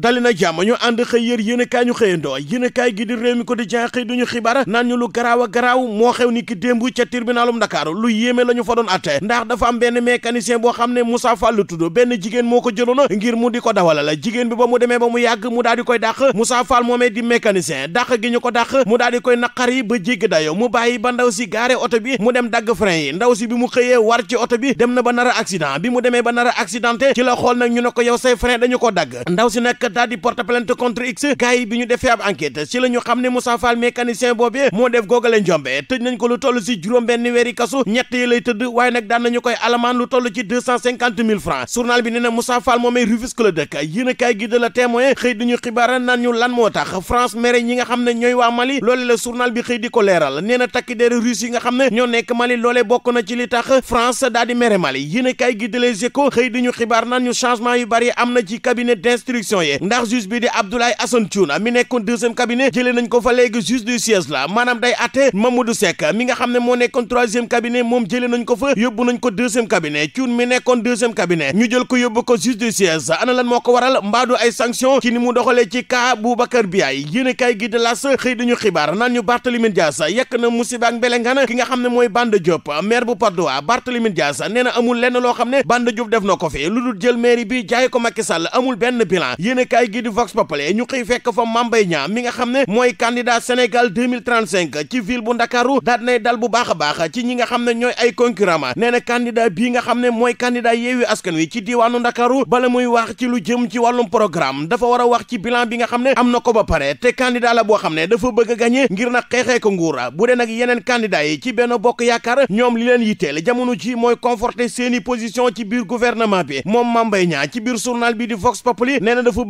dali na jàmm ñu ànd xëy yér yéen kaay ñu xëyandoo yéen kaay gi di réew mi quotidien xëy duñu xibaar naan ñu lu garaaw a garaaw moo xew ni ki démb ca tribunalum ndakaaru lu yéeme la ñu fa doon atte ndax dafa am benn mécanicien boo xam ne musa Fall la tudd benn jigéen moo ko jëloon ngir mu di ko dawala la jigéen bi ba mu demee ba mu yàgg mu daal di koy dàq musa Fall moomee di mécanicien dàq gi ñu ko dàq mu daal di koy naqar yi ba jégg dayo mu bàyyi ba ndaw si gaare oto bi mu dem dagg frein yi ndaw si bi mu xëyee war ci oto bi dem na ba nar a bi mu demee ba nar a accidenté la xool nag ñu ne ko yow say frein dañu ko dagg ndaw si nag nag porte plainte contre x gars bi ñu defee ab enquête ci la xam ne Moussa Fall mécanicien moo def googale njombe tëj nañ ko lu toll si juróom-benn weeri kasu ñett yi lay tëdd waaye nag daan nañu koy alamaan la dëkk yéen a kaay gi xëy diñu xibaara naan lan moo tax France mere ñi nga xam ne ñooy waa Mali loole la journal bi xëy di ko leeral nee takki deer russe yi nga xam ne ñoo nekk Mali loolee bokk na ci li tax France daal yooyee ndax juge bi di Abdoulaye Assane Thioune mi nekkoon deuxième cabinet jëlee nañ ko fa léegi juge du siège la maanaam day atte Mamadou Seck mi nga xam ne moo nekkoon troisième cabinet moom jëlee nañ ko fa yóbbu nañ ko deuxième cabinet Thioune mi nekkoon deuxième cabinet ñu jël ko yóbbu ko juge du siège ana lan moo ko waral mbaadu ay sanction ci ni mu doxalee ci cas Boubacar Biaye yéene kaay gi de las xëy dañu xibaar naan ñu Barthélémy Dias yekk na musiba ak mbelengana ki nga xam ne mooy Banda Diop maire bu Patte na amul lenn loo xam ne Banda Diop def na ko fi lu dul jël bi jaay ko Macky Sall amul benn bilan yéenekaay gi di Vox Populi ñu xëy fekk fa Mame Mbaye Niang mi nga xam ne mooy candidat Sénégal 2035 ci ville bu Ndakaaru daat nay dal bu baax a baax ci ñi nga xam ne ñooy ay concurrent ma nee na candidat bii nga xam ne mooy candidat Yewwi Askan Wi ci diiwaanu Ndakaaru bala muy wax ci lu jëm ci wàllum programme dafa war a wax ci bilan bi nga xam ne am na ko ba pare te candidat la boo xam ne dafa bëgg a ngir na xeexee ko nguura bu dee nag yeneen candidat yi ci benn bokk yaakaar ñoom li leen yitteel jamono ji mooy conforter seeni position ci biir bi moom Mame ci biir journal bi di Vox Populi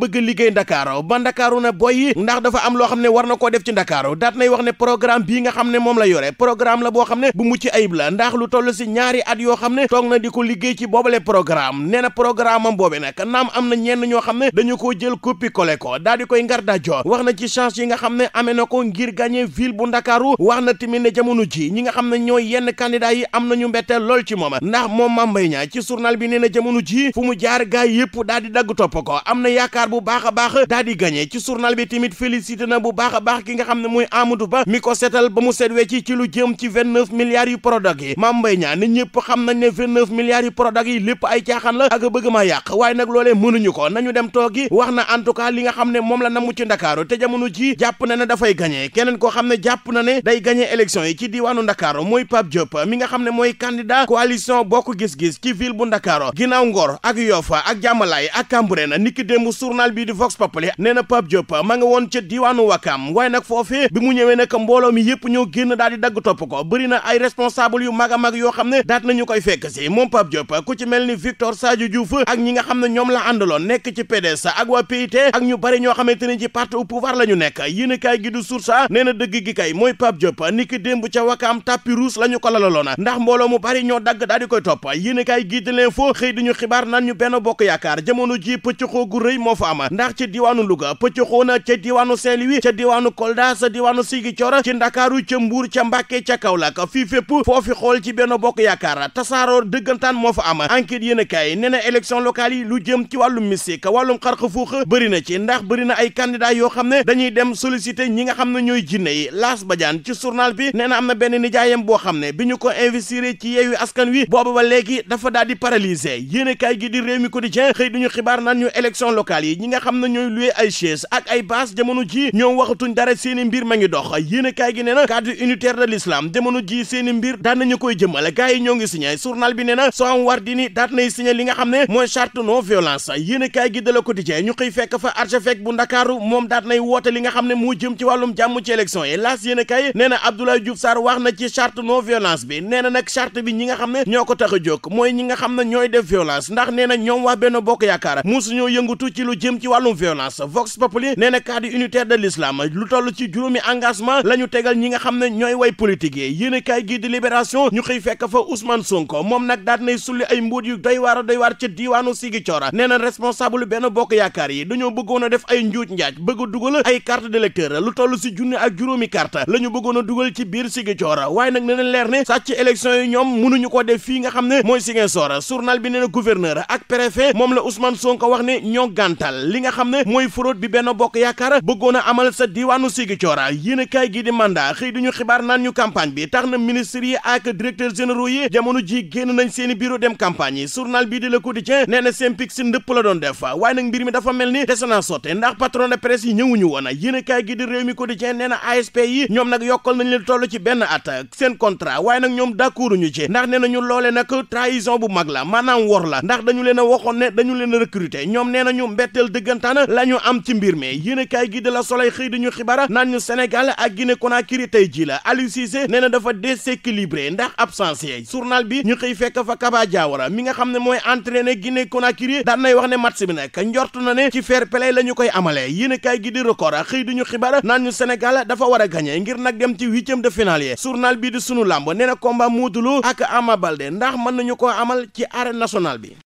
bëgg liggéey ndakaaru ba ndakaaru ne boy ndax dafa am loo xam ne war na koo def ci ndakaaru daat nay wax ne programme bii nga xam ne moom la yore programme la boo xam ne bu mucc ayib la ndax lu toll si ñaari at yoo xam ne toog na di ko liggéey ci boobale programme nee na programme am boobe nag naam am na ñenn ñoo xam ne dañu koo jël copie collé ko daal koy ngar dajoo wax na ci chance yi nga xam ne amee na ko ngir gagné ville bu ndakaaru wax na tamit ne jamono ji ñi nga xam ne ñooy yenn candidat yi am nañu mbetteel lool ci moom ndax moom Mame Mbaye Niang ci journal bi nee na jamono ji fu mu jaar gaay yëpp daal di dagg topp ko bu baax baax daa di gagné ci journal bi tamit félicité na bu baax baax ki nga xam ne mooy Amadou Ba mi ko seetal ba mu seet wecci ci lu jëm ci vingt yu Prodac yi Mame Mbaye Niang ne ñëpp xam ne vingt yu Prodac yi lépp ay caaxaan la ak bëgg maa yàq waaye nag loolee mënuñu ko nañu dem toogi wax na en li nga xam ne moom la namu ci Ndakaaru te jamono ji jàpp na ne dafay gagné keneen koo xam ne jàpp na ne day gagné élection yi ci diiwaanu Ndakaaru mooy journal bii di Vox Populi nee na Pape Diop ma nga woon ca diwaanu Wakam waaye nag foofee bi mu ñëwee nag mbooloo mi yëpp ñoo génn daal di dagg topp ko bëri na ay responsable yu mag a mag yoo xam ne daat nañu koy fekk si moom Pape Diop ku ci mel ni ak ñi nga xam ne ñoom la àndaloon nekk ci PDS ak waa PIT ak ñu bëri ñoo xamante ne ci parti au pouvoir la ñu nekk yéen kaay gi du dëgg gi kay mooy Pape Diop a ki démb ca Wakam tapis rouge la ñu ko lalaloon ndax mbooloo mu bëri ñoo dagg daal di koy topp yéen kaay gi di l'info xëy di ñu xibaar naan ji am ndax ci diwaanu Louga pëccëxoo na ca diwaanu Saint-Louis ca diwaanu Kolda sa diwaanu Ziguinchor ci Ndakaaru ca Mbuur ca Mbàkke ca Kaolack fii fépp foo fi xool ci benn Bokk Yaakaar tasaaroo dëggantaan moo fa ama enquête yéen a kaay nee na élection locale yi lu jëm ci wàllum mystique wàllum xarxa fuux bëri na ci ndax bëri na ay candidat yoo xam ne dañuy dem solliciter ñi nga xam ne ñooy jinne yi Laas Badiane ci journal bi nee na am na benn nijaayam boo xam ne bi ñu ko investir ci yeewu askan wi boobu ba léegi dafa daal di paralysé yéen a gi di réew mi quotidien xëy duñu xibaar naan ñu élection locale yi ñi nga xam ne ñooy loué ay chaise ay baas jamono ji ñoom waxatuñ dara seeni mbir ma ngi dox yéen a gi nee na cadre unitaire de l'islam jamono ji seeni mbir daan nañu koy jëmale gars yi ñoo ngi signé journal bi nee na Soham Wardini daat nay li nga xam ne mooy charte non violence yéen a kaay gi de la quotidien ñu xëy fekk fa archevêque bu ndakaaru moom daat nay woote li nga xam ne moo jëm ci wàllum jàmm ci élection yi laas yéen a kaay nee na Abdoulaye Diouf Sarr wax na ci charte non violence bi nee na nag charte bi ñi nga xam ne ñoo ko tax a jóg mooy ñi nga xam ne ñooy def violence ndax nee na ñoom waa benn bokk yaakaar musuñoo yëngutu ci lu jëm ci wàllum violence Vox Populi neena na cadre unitaire de l'islam lu toll ci juróomi engagement la ñu tegal ñi nga xam ne ñooy way politique yi yéen a kaay gii di ñu xëy fekk fa Ousmane Sonko moom nag daal nay sulli ay mbóot yu doy waar a doy waar ca diiwaanu Ziguinchor nee na responsable benn bokk yaakaar yi dañoo bëggoon a def ay njuuj njaaj bëgg dugal ay carte d'électeur lu toll si junni ak juróomi carte la ñu bëggoon a dugal ci biir Ziguinchor waaye nag nee leer ne sàcc élection yi ñoom mënuñu ko def fii nga xam ne mooy Ziguinchor journal bi nee na ak préfet moom la Ousmane Sonko wax ne ñoo gàntal dakkal li nga xam ne mooy fraude bi benn bokk yaakaar bëggoon a amal sa diwaanu Ziguinchor yéenekaay gi di mandat xëy duñu xibaar naan ñu campagne bi tax na ministre yi ak directeurs généraux yi jamono ji génn nañ seeni bureau dem campagne yi journal bii di Le Quotidien nee na Synpics si ndëpp la doon def waaye nag mbir mi dafa mel ni dese sotte ndax patron de presse yi ñëwuñu woon yéenekaay gi di Rewmi Quotidien nee na ci benn at seen contrat waaye ñoom d'accorduñu ci nañu leen a mbëggeel dëggantaan lañu am ci mbir mi yéen a gi de la Soleil xëy dañu xibaar naan ñu Sénégal ak Guinée Conakry tey jii la Aliou Cissé nee na dafa déséquilibré ndax absence yi journal bi ñu xëy fekk fa Kaba Diawara mi nga xam ne mooy entraîné Guinée Conakry daan nay wax ne match bi nag njort na ne ci fair play la ñu koy amalee yéen a gi di record xëy dañu xibaar naan ñu Sénégal dafa war a gagné ngir nag dem ci huitième de finale yi journal bi di sunu làmb nee na combat Modou Lô ak Ama Baldé ndax mën nañu ko amal ci arène nationale bi